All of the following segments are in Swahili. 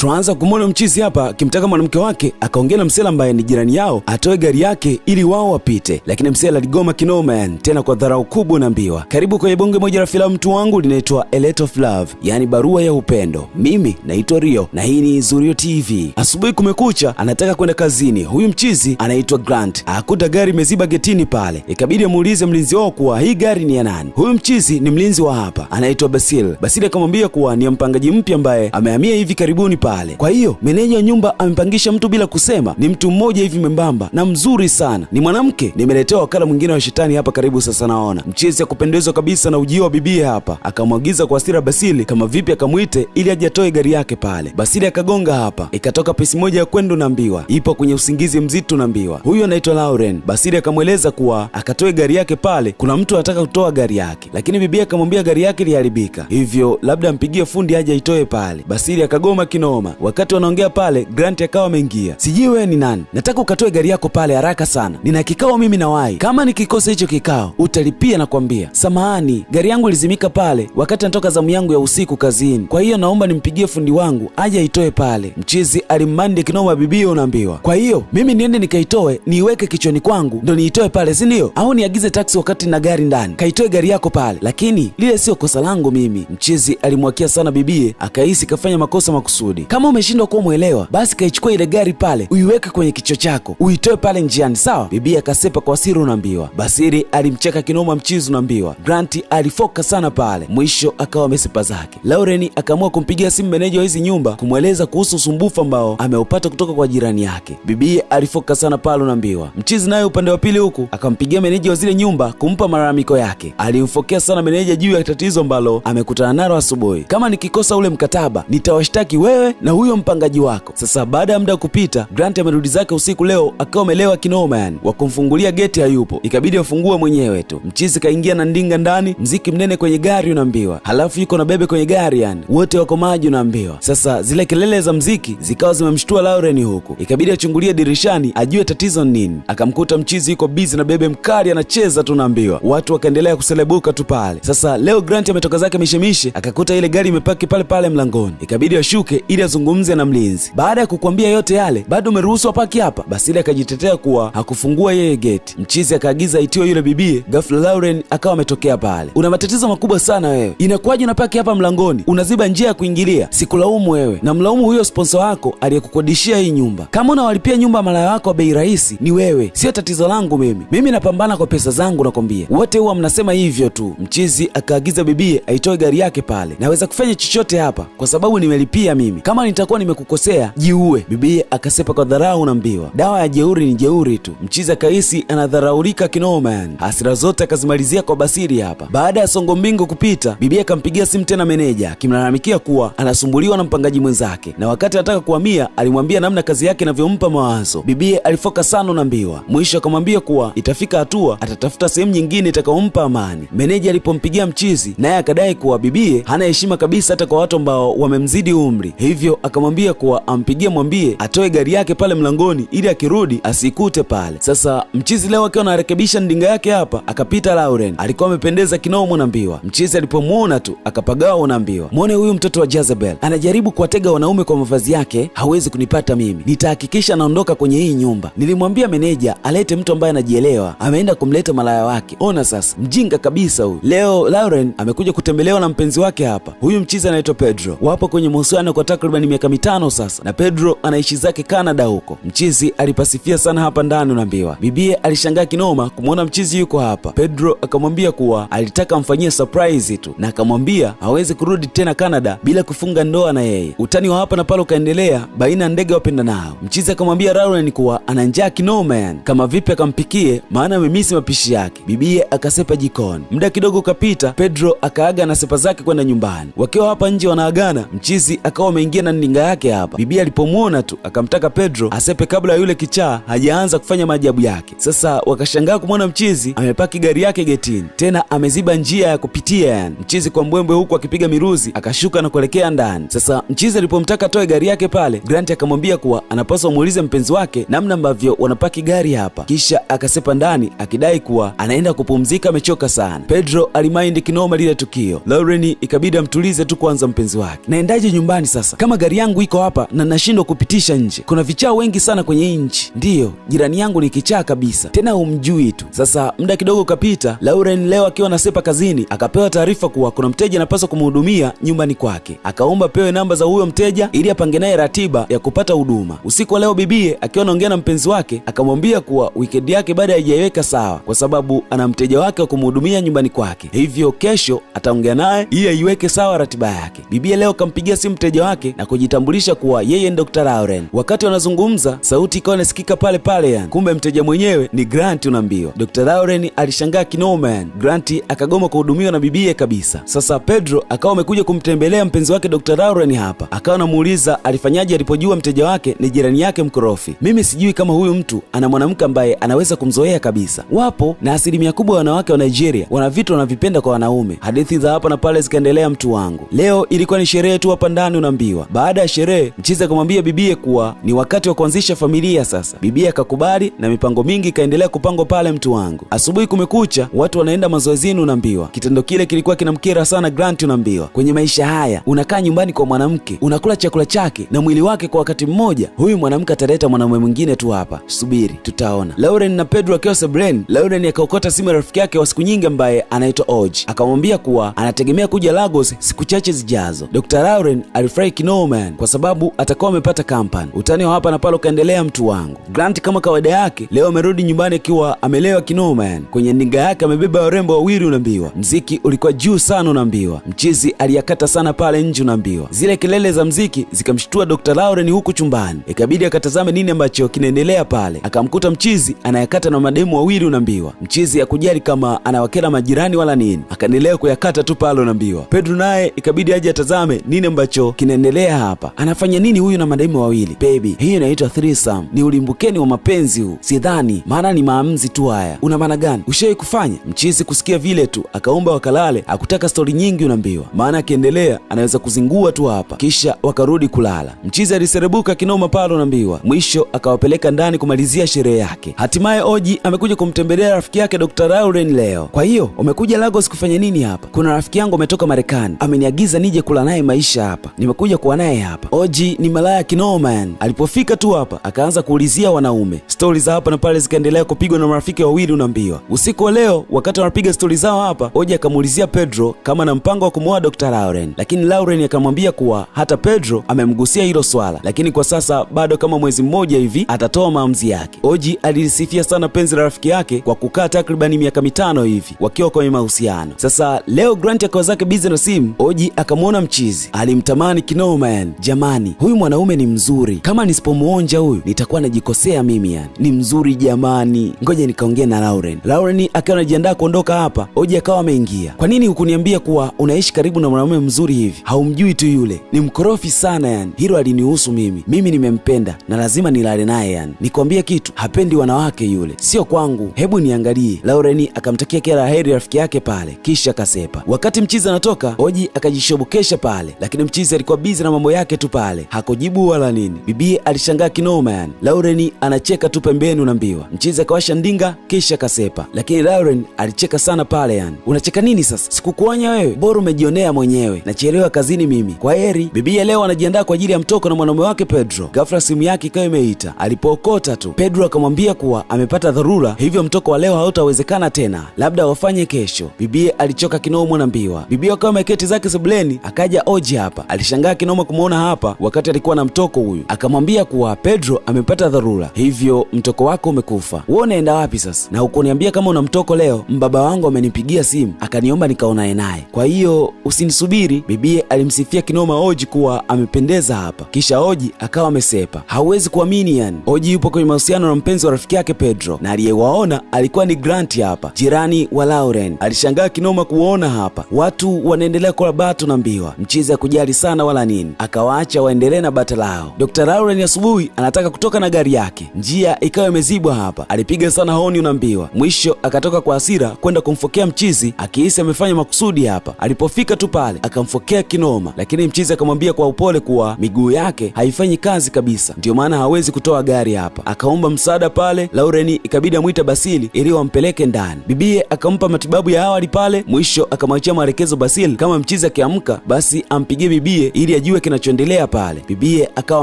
tunaanza kumwona mchizi hapa akimtaka mwanamke wake akaongea na msela ambaye ni jirani yao atoe gari yake ili wao wapite, lakini msela aligoma kinoma, yani tena kwa dharau kubwa. Unaambiwa karibu kwenye bonge moja la filamu wangu linaitwa A of Love, yani barua ya upendo. Mimi naitwa Rio na hii ni Zurio TV. Asubuhi kumekucha, anataka kwenda kazini. Huyu mchizi anaitwa Grant akuta gari imeziba getini pale, ikabidi amuulize mlinzi wao kuwa hii gari ni ya nani. Huyu mchizi ni mlinzi wa hapa, anaitwa Basil. Basil akamwambia kuwa ni mpangaji mpya ambaye amehamia hivi karibuni pale pale. Kwa hiyo meneja wa nyumba amempangisha mtu bila kusema, ni mtu mmoja hivi membamba na mzuri sana, ni mwanamke. Nimeletewa wakala mwingine wa shetani hapa karibu sasa, naona mchezi akupendezwa kabisa na ujio wa bibie hapa. Akamwagiza kwa asira Basili kama vipi akamwite ili ajatoe gari yake pale. Basili akagonga hapa, ikatoka pesi moja ya kwendo, naambiwa ipo kwenye usingizi mzito, naambiwa huyu anaitwa Lauren. Basili akamweleza kuwa akatoe gari yake pale, kuna mtu anataka kutoa gari yake, lakini bibie akamwambia gari yake iliharibika, hivyo labda ampigie fundi aje aitoe pale. Basili akagoma kinoma kinoma. Wakati wanaongea pale, Grant akawa ameingia. Sijui wewe ni nani, nataka ukatoe gari yako pale haraka sana, nina kikao mimi na Wai. Kama nikikosa hicho kikao utalipia, na kwambia Samahani, gari yangu ilizimika pale wakati natoka zamu yangu ya usiku kazini, kwa hiyo naomba nimpigie fundi wangu aje aitoe pale. Mchizi alimmande kinoma, bibio unaambiwa. Kwa hiyo mimi niende nikaitoe, niiweke kichwani kwangu ndo niitoe pale, si ndio? Au niagize taksi wakati na gari ndani? Kaitoe gari yako pale, lakini lile sio kosa langu mimi. Mchizi alimwakia sana bibie, akahisi kafanya makosa makusudi. Kama umeshindwa kuwa mwelewa, basi kaichukua ile gari pale, uiweke kwenye kichwa chako, uitoe pale njiani, sawa? Bibi akasepa kwa siri, unaambiwa. Basiri alimcheka kinoma mchizi, unaambiwa. Granti alifoka sana pale, mwisho akawa mesepa zake. Lauren akaamua kumpigia simu meneja wa hizi nyumba kumweleza kuhusu usumbufu ambao ameupata kutoka kwa jirani yake. Bibi alifoka sana pale, unaambiwa. Mchizi naye upande wa pili huku akampigia meneja wa zile nyumba kumpa malalamiko yake. Alimfokea sana meneja juu ya tatizo ambalo amekutana nalo asubuhi. Kama nikikosa ule mkataba nitawashtaki wewe na huyo mpangaji wako. Sasa baada ya muda kupita, Grant amerudi zake usiku leo akawa amelewa kinoma, yani wa kumfungulia geti hayupo, ikabidi afungue mwenyewe tu. Mchizi kaingia na ndinga ndani, mziki mnene kwenye gari unaambiwa, halafu yuko na bebe kwenye gari, yani wote wako maji unaambiwa. Sasa zile kelele za mziki zikawa zimemshtua Lauren huku, ikabidi achungulie dirishani ajue tatizo nini. Akamkuta mchizi yuko bizi na bebe mkali anacheza tu, naambiwa watu wakaendelea kuselebuka tu pale. Sasa leo Grant ametoka zake mishemishe, akakuta ile gari imepaki pale pale mlangoni, ikabidi ashuke ili azungumze na mlinzi. Baada ya kukwambia yote yale, bado umeruhusu apaki hapa? Basili akajitetea kuwa hakufungua yeye geti. Mchizi akaagiza aitiwe yule bibie. Ghafla Lauren akawa ametokea pale. Una matatizo makubwa sana wewe, inakuwaje unapaki hapa mlangoni, unaziba njia ya kuingilia? Sikulaumu wewe, na mlaumu huyo sponsa wako aliyekukodishia hii nyumba. Kama unawalipia nyumba malaya wako wa bei rahisi, ni wewe, sio tatizo langu mimi. Mimi napambana kwa pesa zangu, nakwambia. Wote huwa mnasema hivyo tu. Mchizi akaagiza bibie aitoe gari yake pale. Naweza kufanya chochote hapa kwa sababu nimelipia mimi kama nitakuwa nimekukosea jiue. Bibiye akasepa kwa dharau na mbiwa, dawa ya jeuri ni jeuri tu. Mchiza Kaisi anadharaulika kinoman hasira zote akazimalizia kwa Basiri hapa. Baada ya songo mbingo kupita, bibiye akampigia simu tena meneja akimlalamikia kuwa anasumbuliwa na mpangaji mwenzake, na wakati anataka kuhamia alimwambia namna kazi yake inavyompa mawazo. Bibiye alifoka sana na mbiwa, mwisho akamwambia kuwa itafika hatua atatafuta sehemu nyingine itakayompa amani. Meneja alipompigia mchizi, naye akadai kuwa bibiye hana heshima kabisa hata kwa watu ambao wamemzidi umri, hivyo hivyo akamwambia kuwa ampigie mwambie atoe gari yake pale mlangoni ili akirudi asikute pale. Sasa mchizi leo akiwa anarekebisha ndinga yake hapa akapita Lauren, alikuwa amependeza kinao mwanambiwa. Mchizi alipomwona tu akapagawa unambiwa mwone huyu mtoto wa Jezebel anajaribu kuwatega wanaume kwa mavazi yake, hawezi kunipata mimi, nitahakikisha anaondoka kwenye hii nyumba. Nilimwambia meneja alete mtu ambaye anajielewa, ameenda kumleta malaya wake. Ona sasa, mjinga kabisa huyu. Leo Lauren amekuja kutembelewa na mpenzi wake hapa, huyu mchizi anaitwa Pedro, wapo kwenye mahusiano kwa takriban takriban miaka mitano sasa, na Pedro anaishi zake Canada huko. Mchizi alipasifia sana hapa ndani, unaambiwa. Bibie alishangaa kinoma kumwona mchizi yuko hapa. Pedro akamwambia kuwa alitaka amfanyie surprise tu, na akamwambia hawezi kurudi tena Canada bila kufunga ndoa na yeye. Utani wa hapa na pale ukaendelea baina ya ndege wapenda nao Mchizi akamwambia Lauren kuwa ana njaa kinoma, yani kama vipi akampikie, maana amemisi mapishi yake. Bibie akasepa jikoni. Muda kidogo ukapita, Pedro akaaga na sepa zake kwenda nyumbani. Wakiwa hapa nje wanaagana, mchizi akawa ameingia aliingia na ninga yake hapa. Bibi alipomwona tu akamtaka Pedro asepe kabla ya yule kichaa hajaanza kufanya maajabu yake. Sasa wakashangaa kumwona mchizi amepaki gari yake getini, tena ameziba njia ya kupitia. Yani mchizi kwa mbwembwe, huku akipiga miruzi, akashuka na kuelekea ndani. Sasa mchizi alipomtaka atoe gari yake pale, Grant akamwambia kuwa anapaswa muulize mpenzi wake namna ambavyo wanapaki gari hapa, kisha akasepa ndani akidai kuwa anaenda kupumzika, amechoka sana. Pedro alimaindi kinoma lile tukio. Lauren ikabidi amtulize tu kwanza mpenzi wake, naendaje nyumbani sasa kama kama gari yangu iko hapa na nashindwa kupitisha nje. Kuna vichaa wengi sana kwenye hii nchi. Ndiyo, jirani yangu ni kichaa kabisa, tena humjui tu. Sasa muda kidogo kapita, Lauren leo akiwa nasepa kazini akapewa taarifa kuwa kuna mteja anapaswa kumhudumia nyumbani kwake. Akaomba pewe namba za huyo mteja ili apange naye ratiba ya kupata huduma. Usiku wa leo bibie akiwa anaongea na mpenzi wake akamwambia kuwa wikendi yake bado haijaiweka sawa, kwa sababu ana mteja wake wa kumhudumia nyumbani kwake, hivyo kesho ataongea naye ili aiweke sawa ratiba yake. Bibie leo kampigia simu mteja wake na kujitambulisha kuwa yeye ni Dr. Lauren. Wakati wanazungumza, sauti ikawa inasikika pale pale, yani kumbe mteja mwenyewe ni Grant unaambiwa. Dr. Lauren alishangaa kinoma, yani Grant akagoma kuhudumiwa na bibiye kabisa. Sasa Pedro akawa amekuja kumtembelea mpenzi wake Dr. Lauren hapa, akawa anamuuliza alifanyaje alipojua mteja wake ni jirani yake mkorofi. Mimi sijui kama huyu mtu ana mwanamke ambaye anaweza kumzoea kabisa. Wapo na asilimia kubwa ya wanawake wa Nigeria wana vitu wanavipenda kwa wanaume. Hadithi za hapa na pale zikaendelea, mtu wangu. Leo ilikuwa ni sherehe tu hapa ndani unaambiwa. Baada ya sherehe, Mchizi akamwambia bibie kuwa ni wakati wa kuanzisha familia sasa. Bibie akakubali na mipango mingi ikaendelea kupangwa pale, mtu wangu. Asubuhi kumekucha, watu wanaenda mazoezini, unaambiwa kitendo kile kilikuwa kinamkera sana Grant, unaambiwa kwenye maisha haya unakaa nyumbani kwa mwanamke unakula chakula chake na mwili wake kwa wakati mmoja, huyu mwanamke ataleta mwanamume mwingine tu hapa, subiri tutaona. Lauren na Pedro akiwa sebleni, Lauren akaokota simu ya rafiki yake wa siku nyingi ambaye anaitwa oj akamwambia kuwa anategemea kuja Lagos siku chache zijazo. Dr. Lauren alifurahi kinoo Snowman kwa sababu atakuwa amepata kampani. Utani wa hapa na pale ukaendelea, mtu wangu. Grant kama kawaida yake leo amerudi nyumbani akiwa amelewa kinoman. Kwenye ninga yake amebeba warembo wawili, unaambiwa. Mziki ulikuwa juu sana, unaambiwa. Mchizi aliyakata sana pale nje, unaambiwa. Zile kelele za mziki zikamshtua Dr. Lauren huku chumbani, ikabidi akatazame nini ambacho kinaendelea pale. Akamkuta mchizi anayakata na mademu wawili, unaambiwa. Mchizi akujali kama anawakela majirani wala nini, akaendelea kuyakata tu pale, unaambiwa. Pedro naye ikabidi aje atazame nini ambacho kinaendelea kinachoendelea hapa? Anafanya nini huyu na madaimu wawili? Baby, hii inaitwa threesome, ni ulimbukeni wa mapenzi huu. Sidhani maana ni maamuzi tu haya. Una maana gani? Ushawahi kufanya mchizi kusikia vile tu akaomba wakalale, akutaka stori nyingi, unaambiwa maana akiendelea anaweza kuzingua tu hapa, kisha wakarudi kulala. Mchizi aliserebuka kinoma pale, unaambiwa mwisho akawapeleka ndani kumalizia sherehe yake. Hatimaye Oji amekuja kumtembelea rafiki yake Dr. Lauren leo. Kwa hiyo umekuja Lagos kufanya nini hapa? Kuna rafiki yangu ametoka Marekani ameniagiza nije kula naye maisha hapa, nimekuja kwa nilikuwa naye hapa. Oji ni malaya kinoma yani. Alipofika tu hapa akaanza kuulizia wanaume. Stori za hapa na pale zikaendelea kupigwa na marafiki wawili unaambiwa. Usiku wa leo wakati wanapiga stori zao hapa, Oji akamuulizia Pedro kama na mpango wa kumuoa Dr. Lauren, lakini Lauren akamwambia kuwa hata Pedro amemgusia hilo swala, lakini kwa sasa bado kama mwezi mmoja hivi atatoa maamuzi yake. Oji alilisifia sana penzi la rafiki yake kwa kukaa takribani miaka mitano hivi wakiwa kwenye mahusiano. Sasa leo Grant akawa zake bize na simu, Oji akamwona mchizi, alimtamani kinoma huruma yani jamani huyu mwanaume ni mzuri kama nisipomwonja huyu nitakuwa najikosea mimi yani ni mzuri jamani ngoja nikaongea na lauren lauren akiwa anajiandaa kuondoka hapa oji akawa ameingia kwa nini hukuniambia kuwa unaishi karibu na mwanaume mzuri hivi haumjui tu yule ni mkorofi sana yani hilo alinihusu mimi mimi nimempenda na lazima nilale naye yani nikwambie kitu hapendi wanawake yule sio kwangu hebu niangalie lauren akamtakia kila heri rafiki yake pale kisha kasepa wakati mchizi anatoka oji akajishobokesha pale lakini mchizi alikuwa bizi na na mambo yake tu pale, hakujibu wala nini. Bibie alishangaa kinoma, yani Lauren anacheka tu pembeni, unaambiwa mchizi akawasha ndinga kisha kasepa, lakini Lauren alicheka sana pale, yani unacheka nini sasa? Sikukuonya wewe, bora umejionea mwenyewe. nachielewa kazini mimi, kwa heri. Bibie leo anajiandaa kwa ajili ya mtoko na mwanaume wake Pedro. Ghafla simu yake ikawa imeita, alipookota tu Pedro akamwambia kuwa amepata dharura, hivyo mtoko wa leo hautawezekana tena, labda wafanye kesho. Bibie alichoka kinoma, unaambiwa. Bibie akawa ameketi zake sebuleni, akaja Oji hapa, alishangaa kinoma Noma kumwona hapa wakati alikuwa na mtoko huyu, akamwambia kuwa Pedro amepata dharura, hivyo mtoko wako umekufa. Wewe unaenda wapi sasa? Na ukuniambia kama una mtoko leo. Mbaba wangu amenipigia simu akaniomba nikaonaye naye, kwa hiyo usinisubiri. Bibie alimsifia kinoma Oji kuwa amependeza hapa, kisha Oji akawa amesepa. Hauwezi kuamini yani, Oji yupo kwenye mahusiano na mpenzi wa rafiki yake Pedro, na aliyewaona alikuwa ni Grant hapa, jirani wa Lauren. Alishangaa kinoma kuona hapa watu wanaendelea kula bato na mbiwa, mchizi kujali sana wala nini akawaacha waendelee na bata lao. Dr. Lauren asubuhi anataka kutoka na gari yake, njia ikawa imezibwa. Hapa alipiga sana honi, unaambiwa. Mwisho akatoka kwa asira kwenda kumfokea mchizi, akihisi amefanya makusudi hapa. Alipofika tu pale akamfokea kinoma, lakini mchizi akamwambia kwa upole kuwa miguu yake haifanyi kazi kabisa, ndiyo maana hawezi kutoa gari hapa. Akaomba msaada pale, Lauren ikabidi amwita Basili ili wampeleke ndani. Bibie akampa matibabu ya awali pale, mwisho akamwachia maelekezo Basili kama mchizi akiamka basi ampigie bibie ili ajue ajue kinachoendelea pale. Bibie akawa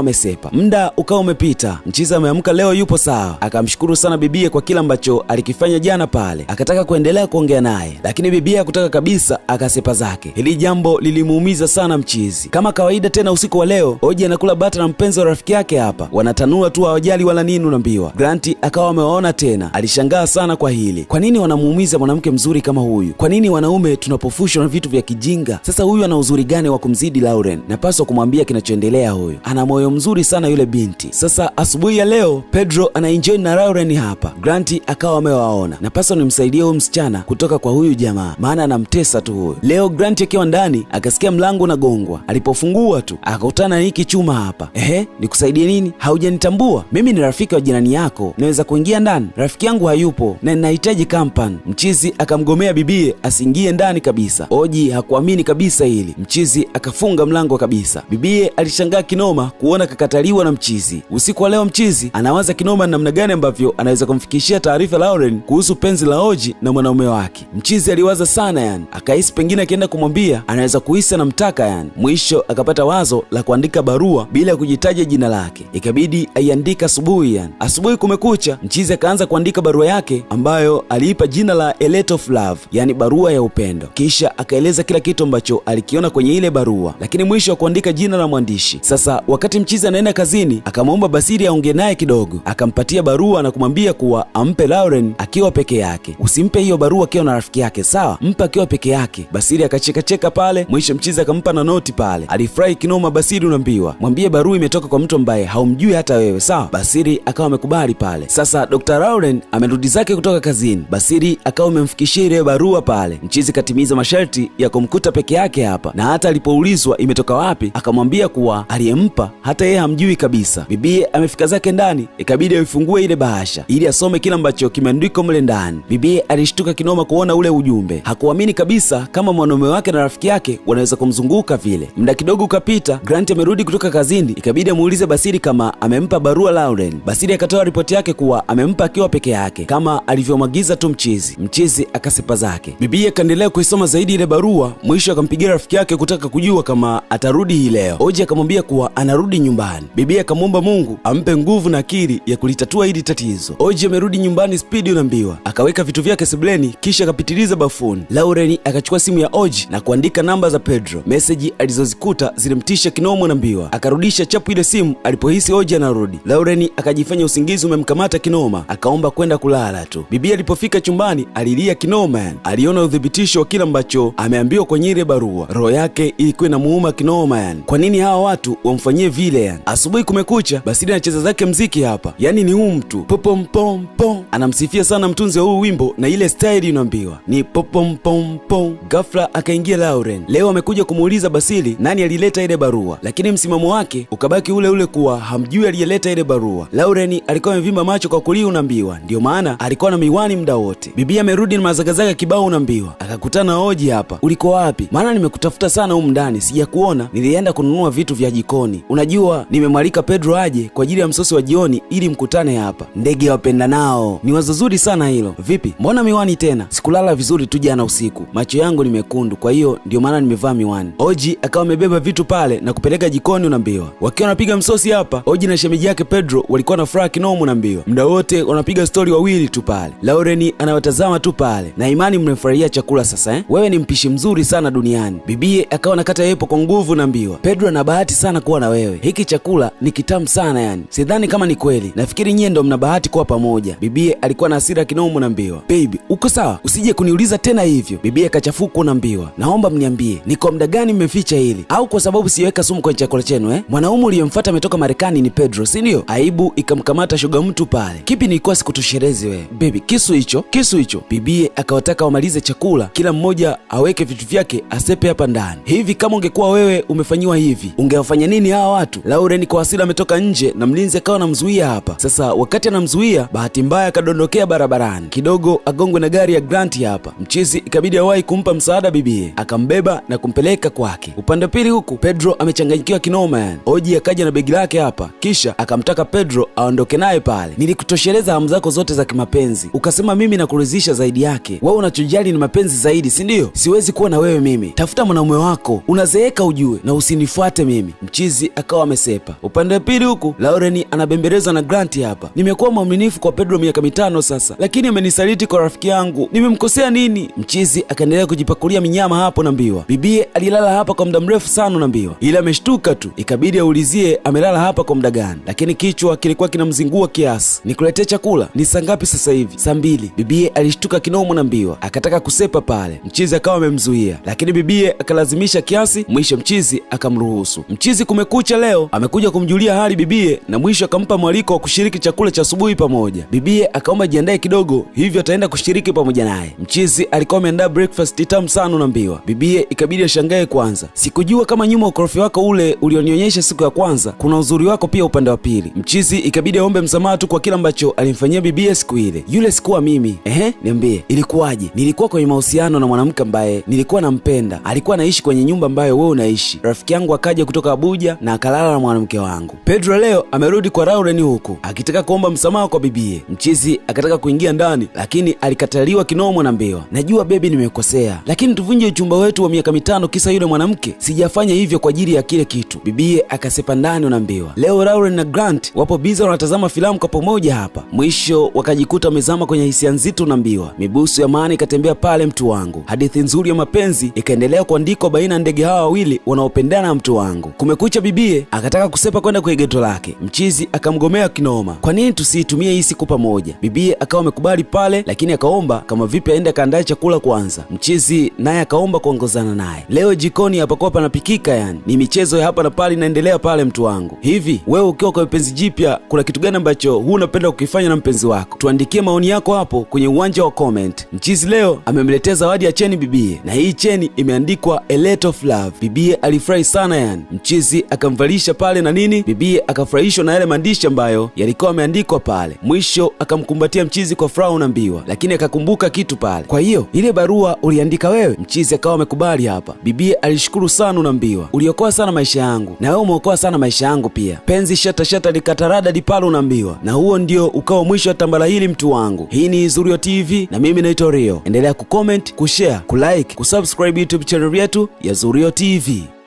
amesepa. Muda ukawa umepita, Mchiza ameamka leo yupo sawa. Akamshukuru sana bibie kwa kila ambacho alikifanya jana pale, akataka kuendelea kuongea naye, lakini bibie akutaka kabisa, akasepa zake. Hili jambo lilimuumiza sana Mchizi. Kama kawaida tena, usiku wa leo Oji anakula bata na mpenzi wa rafiki yake hapa, wanatanua tu, hawajali wala nini, unaambiwa. Granti akawa amewaona tena, alishangaa sana kwa hili. Kwa nini wanamuumiza mwanamke mzuri kama huyu? Kwa nini wanaume tunapofushwa na vitu vya kijinga? Sasa huyu ana uzuri gani wa kumzidi Lauren? Napaswa kumwambia kinachoendelea huyu. Ana moyo mzuri sana yule binti. Sasa asubuhi ya leo Pedro anainjoi na Lauren hapa, Granti akawa amewaona na pasa nimsaidie huyu msichana kutoka kwa huyu jamaa, maana anamtesa tu huyu. Leo Granti akiwa ndani akasikia mlango unagongwa, alipofungua tu akakutana na hiki chuma hapa. Ehe, nikusaidie nini? Haujanitambua? Mimi ni rafiki wa jirani yako, naweza kuingia ndani? Rafiki yangu hayupo na ninahitaji kampan Mchizi akamgomea bibie asiingie ndani kabisa. Oji hakuamini kabisa hili, mchizi akafunga mlango kabisa kabisa. Bibiye alishangaa kinoma kuona kakataliwa na mchizi. Usiku wa leo mchizi anawaza kinoma namna gani ambavyo anaweza kumfikishia taarifa Lauren kuhusu penzi la Oji na mwanaume wake. Mchizi aliwaza sana, yani akahisi pengine akienda kumwambia anaweza kuhisi anamtaka, yani mwisho akapata wazo la kuandika barua bila ya kujitaja jina lake, ikabidi aiandika asubuhi. Yani asubuhi kumekucha, mchizi akaanza kuandika barua yake ambayo aliipa jina la Elet of Love, yani barua ya upendo. Kisha akaeleza kila kitu ambacho alikiona kwenye ile barua, lakini mwisho wa kuandika kuandika jina la mwandishi. Sasa wakati mchizi anaenda kazini, akamwomba basiri aongee naye kidogo, akampatia barua na kumwambia kuwa ampe Lauren akiwa peke yake, usimpe hiyo barua akiwa na rafiki yake, sawa? Mpe akiwa peke yake. basiri akachekacheka pale, mwisho mchizi akampa na noti pale, alifurahi kinoma. basiri unaambiwa mwambie barua imetoka kwa mtu ambaye haumjui hata wewe, sawa? basiri akawa amekubali pale. Sasa Dr. Lauren amerudi zake kutoka kazini, basiri akawa amemfikishia ile barua pale. Mchizi katimiza masharti ya kumkuta peke yake hapa, na hata alipoulizwa imetoka wapi Zuberi akamwambia kuwa aliyempa hata yeye hamjui kabisa. Bibiye amefika zake ndani, ikabidi aifungue ile bahasha ili asome kila ambacho kimeandikwa mle ndani. Bibiye alishtuka kinoma kuona ule ujumbe, hakuamini kabisa kama mwanaume wake na rafiki yake wanaweza kumzunguka vile. Muda kidogo ukapita, Grant amerudi kutoka kazini, ikabidi amuulize Basili kama amempa barua Lauren. Basili akatoa ripoti yake kuwa amempa akiwa peke yake kama alivyomwagiza tu mchizi. Mchizi akasepa zake. Bibiye akaendelea kuisoma zaidi ile barua, mwisho akampigia rafiki yake kutaka kujua kama atarudi hii leo. Oji akamwambia kuwa anarudi nyumbani. Bibi akamwomba Mungu ampe nguvu na akili ya kulitatua hili tatizo. Oji amerudi nyumbani spidi unambiwa akaweka vitu vyake sebuleni, kisha akapitiliza bafuni. Lauren akachukua simu ya Oji na kuandika namba za Pedro. Meseji alizozikuta zilimtisha kinomo, unaambiwa akarudisha chapu ile simu alipohisi Oji anarudi. Lauren akajifanya usingizi umemkamata kinoma, akaomba kwenda kulala tu. Bibi alipofika chumbani alilia kinoma, aliona uthibitisho wa kile ambacho ameambiwa kwenye ile barua. Roho yake ilikuwa inamuuma kinoma yani? Kwa nini hawa watu wamfanyie vile yani? Asubuhi kumekucha, Basili anacheza zake mziki hapa, yani ni huu mtu popompompo anamsifia sana mtunzi wa huu wimbo na ile staili inaambiwa ni popompompo. Ghafla akaingia Lauren. Leo amekuja kumuuliza Basili nani alileta ile barua, lakini msimamo wake ukabaki ule ule kuwa hamjui aliyeleta ile barua. Lauren alikuwa amevimba macho kwa kulia, unaambiwa ndio maana alikuwa na miwani muda wote. Bibi amerudi na mazagazaga kibao, unaambiwa akakutana Oji hapa. Uliko wapi? Maana nimekutafuta sana humu ndani sijakuona, nili nilienda kununua vitu vya jikoni. Unajua, nimemwalika Pedro aje kwa ajili ya msosi wa jioni ili mkutane hapa. Ndege wapenda nao, ni wazo zuri sana hilo. Vipi, mbona miwani tena? Sikulala vizuri tu jana usiku, macho yangu ni mekundu, kwa hiyo ndio maana nimevaa miwani. Oji akawa amebeba vitu pale na kupeleka jikoni. Unambiwa wakiwa wanapiga msosi hapa, Oji na shemeji yake Pedro walikuwa na furaha kinomu Unambiwa mda wote wanapiga stori wawili tu pale, Laureni anawatazama tu pale na Imani, mnafurahia chakula sasa eh? Wewe ni mpishi mzuri sana duniani. Bibie akawa nakata yepo kwa nguvu, naambiwa umefanikiwa. Pedro ana bahati sana kuwa na wewe, hiki chakula ni kitamu sana yani, sidhani kama ni kweli. Nafikiri nyiye ndo mna bahati kuwa pamoja. Bibie alikuwa na asira kinomo na Mbiwa. Baby, uko sawa? Usije kuniuliza tena hivyo. Bibie kachafuku na Mbiwa, naomba mniambie ni kwa muda gani mmeficha hili, au kwa sababu siyoweka sumu kwenye chakula chenu eh? Mwanaume uliyemfata ametoka Marekani ni Pedro, sindiyo Aibu ikamkamata shuga mtu pale. Kipi nilikuwa sikutosherezi wewe? Baby, kisu hicho, kisu hicho. Bibie akawataka wamalize chakula, kila mmoja aweke vitu vyake, asepe hapa ndani. Hivi kama ungekuwa wewe umefanya kufanyiwa hivi. Ungewafanya nini hawa watu? Lauren kwa asili ametoka nje na mlinzi akawa anamzuia hapa. Sasa wakati anamzuia, bahati mbaya akadondokea barabarani kidogo, agongwe na gari ya Grant hapa. Mchizi ikabidi awahi kumpa msaada bibie, akambeba na kumpeleka kwake. Upande pili huku Pedro amechanganyikiwa kinoma, yani Oji akaja na begi lake hapa, kisha akamtaka Pedro aondoke naye pale. Nilikutosheleza hamu zako zote za kimapenzi, ukasema mimi nakurizisha zaidi yake. Wewe unachojali ni mapenzi zaidi, si Siwezi kuwa na wewe mimi, tafuta mwanaume wako, unazeeka ujue na usinifuate mimi. Mchizi akawa amesepa. Upande wa pili huku Lauren anabembelezwa na Grant hapa, nimekuwa mwaminifu kwa Pedro miaka mitano sasa, lakini amenisaliti kwa rafiki yangu, nimemkosea nini? Mchizi akaendelea kujipakulia minyama hapo na mbiwa, bibie alilala hapa kwa muda mrefu sana na mbiwa, ila ameshtuka tu, ikabidi aulizie amelala hapa kwa muda gani, lakini kichwa kilikuwa kinamzingua kiasi. Nikuletee chakula, ni saa ngapi sasa hivi? Saa mbili. Bibie alishtuka kinomo na mbiwa, akataka kusepa pale, mchizi akawa amemzuia, lakini bibie akalazimisha kiasi, mwisho mchizi akamruhusu. Mchizi kumekucha leo amekuja kumjulia hali bibie na mwisho akampa mwaliko wa kushiriki chakula cha asubuhi pamoja. Bibie akaomba jiandae kidogo, hivyo ataenda kushiriki pamoja naye. Mchizi alikuwa ameandaa breakfast tamu sana, unaambiwa. Bibie ikabidi ashangae kwanza, sikujua kama nyuma ukorofi wako ule ulionionyesha siku ya kwanza kuna uzuri wako pia upande wa pili. Mchizi ikabidi aombe msamaha tu kwa kila ambacho alimfanyia bibie siku ile. Yule sikuwa mimi. Ehe, niambie ilikuwaje? Nilikuwa kwenye mahusiano na mwanamke ambaye nilikuwa nampenda, alikuwa anaishi kwenye nyumba ambayo wewe unaishi rafiki yangu akaja kutoka Abuja na akalala na mwanamke wangu. Pedro leo amerudi kwa Lauren huku akitaka kuomba msamaha kwa bibie. Mchizi akataka kuingia ndani, lakini alikataliwa kinomo na Mbewa. Najua bebi, nimekosea, lakini tuvunje uchumba wetu wa miaka mitano kisa yule mwanamke. Sijafanya hivyo kwa ajili ya kile kitu. Bibie akasepa ndani na Mbewa. Leo Lauren na Grant wapo biza wanatazama filamu kwa pamoja hapa, mwisho wakajikuta wamezama kwenye hisia nzito na Mbewa. Mibusu ya maana ikatembea pale, mtu wangu. Hadithi nzuri ya mapenzi ikaendelea kuandikwa baina ya ndege hawa wawili wanaopenda Enda na mtu wangu. Kumekucha, bibie akataka kusepa kwenda kwenye geto lake, mchizi akamgomea kinoma, kwa nini tusiitumie hii siku pamoja? Bibie akawa amekubali pale, lakini akaomba kama vipi aende akaandae chakula kwanza. Mchizi naye akaomba kuongozana naye. Leo jikoni hapakuwa panapikika, yani ni michezo ya hapa na pale inaendelea pale, mtu wangu. Hivi wewe ukiwa kwa mpenzi jipya, kuna kitu gani ambacho huu unapenda kukifanya na mpenzi wako? Tuandikie maoni yako hapo kwenye uwanja wa comment. Mchizi leo amemletea zawadi ya cheni bibie, na hii cheni imeandikwa A Letter of Love. Bibie alifurahi alifurahi sana yani. Mchizi akamvalisha pale na nini, bibie akafurahishwa na yale maandishi ambayo yalikuwa ameandikwa pale. Mwisho akamkumbatia mchizi kwa furaha unaambiwa, lakini akakumbuka kitu pale. Kwa hiyo ile barua uliandika wewe? Mchizi akawa amekubali hapa. Bibie alishukuru sana unaambiwa, uliokoa sana maisha yangu na wewe umeokoa sana maisha yangu pia. Penzi shata shata likatarada dipalo unaambiwa, na huo ndio ukawa mwisho wa tambala hili mtu wangu. Hii ni Zurio TV na mimi naitwa Rio. Endelea kucomment, kushare, kulike, kusubscribe YouTube channel yetu ya Zurio TV.